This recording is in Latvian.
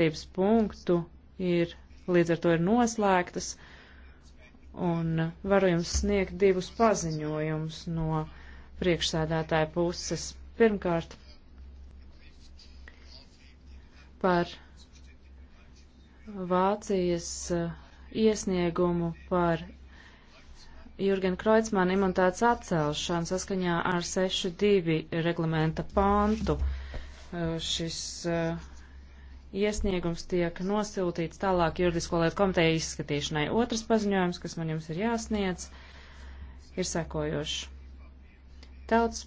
kārtības punktu ir līdz ar to ir noslēgtas, un varu jums sniegt divus paziņojumus no priekšsēdētāja puses. Pirmkārt, par Vācijas uh, iesniegumu par Jurgen Kreutzmann imunitātes atcelšanu saskaņā ar 6.2 reglamenta pāntu. Uh, šis uh, Iesniegums tiek nosiltīts tālāk juridisko lietu komiteju izskatīšanai. Otrs paziņojums, kas man jums ir jāsniedz, ir sekojošs. Tautas